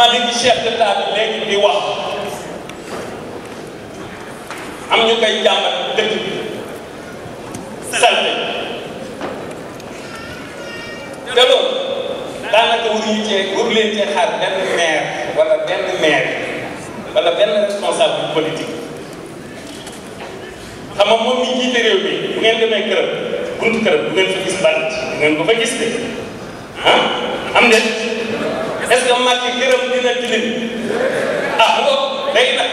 damaa dégg chef de l'État bi léegi di wax am ñu koy jàmbat dëkk bi salte te loolu daanaka waruñu cee waru leen cee xaar benn maire wala benn maire wala benn responsable politique xam nga moom mi jiite réew mi bu ngeen demee këram buntu këram bu ngeen fa gis bant bu ngeen ko fa gis de ah am de est-ce que màcc këram dina tilim ah mu bopp léegi nag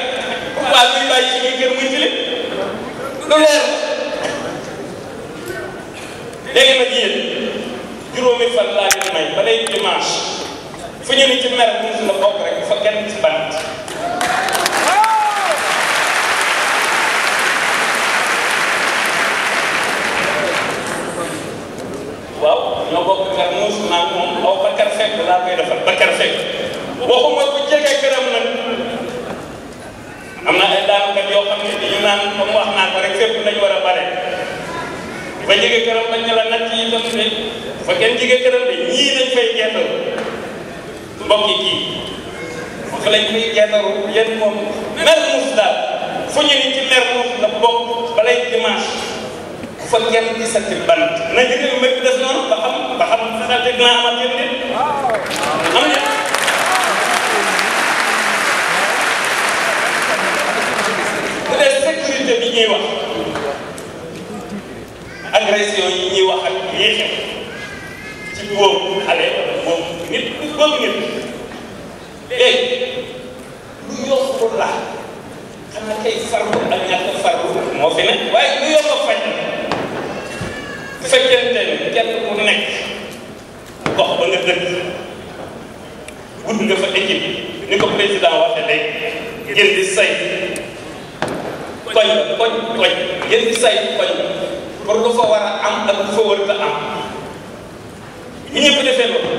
waa luy bàyyi si kër muy tilim lu leer léegi nag yéen juróomi fan laa leen may ba lay fu ñu ni ci mer bu na bokk rek ñoo bokk kër muus naa moom aw Bakar Seck laa koy defal Bakar Seck waxuma bu jege këram nag am na ay daanaka yoo xam ne dañu naan comme wax naa ko rek fépp lañu war a bare ba jege këram bañ la natt yi tam de fa kenn jege këram de ñii lañ fay gerteel mbokk yi kii wax lañ fay gerteelu yéen moom mer muus daal ñu ni ci mer muus la bokk balay dimanche. fa kenn di sa ci ban na jëndee mbéy mi des noonu ba xam ba xam salte gën a amal yéen nit am na bu dee sécurité bi ñuy wax agression yi ñuy wax ak yéexe ci góob xale góob nit góob nit fekkente de kenn ku nekk gox ba nga dëkk gudd nga fa équipe ni ko président waxe léegi ngeen di say koñ koñ koñ ngeen di say koñ pour lu fa war a am ak lu war a am ñi ñëpp defee loolu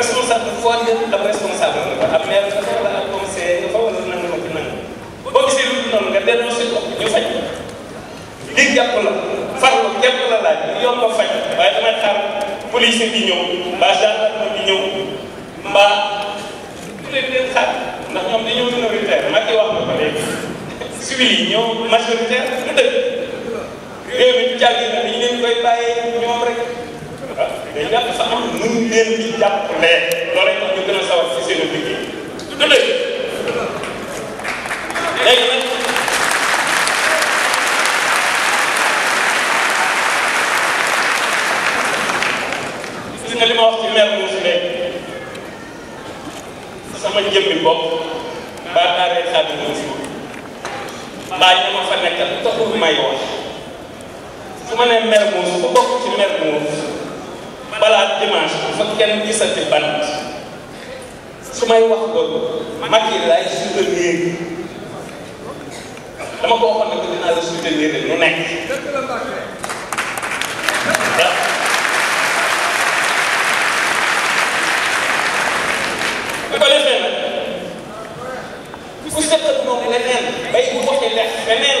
responsable foo leen am responsable nga am maire nga fa wala am conseiller nga fa wala nangam ak nangam boo gisee lu dul noonu nga delloo si ñu faj li jàpp la fànn yëpp la laaj li yomb a faj waaye damay xaar police bi ñëw mbaa gendarme bi ñëw mbaa bu leen leen xaar ndax ñoom dañoo minoritaire ma ki wax na ko léegi civil yi ñëw majoritaire lu dëkk réew mi jàggi na dañu koy bàyyee ñoom rek waaw ah, dañ sa am nun leen di jàppale loolu rek ñu gën a sawar si seen liggéey du dëgg léegi nag sama jëmmi bopp ba daaray Xaadimu Rasuul baa ñu ma fa nekkal taxul may wax su ma nee Mermoz bokk ci Mermoz balaa dimanche bu fa kenn gisati bant su may wax loolu Macky laay soutenir dama ko waxoon ne ko dinaa la soutenir nu nekk gemelos.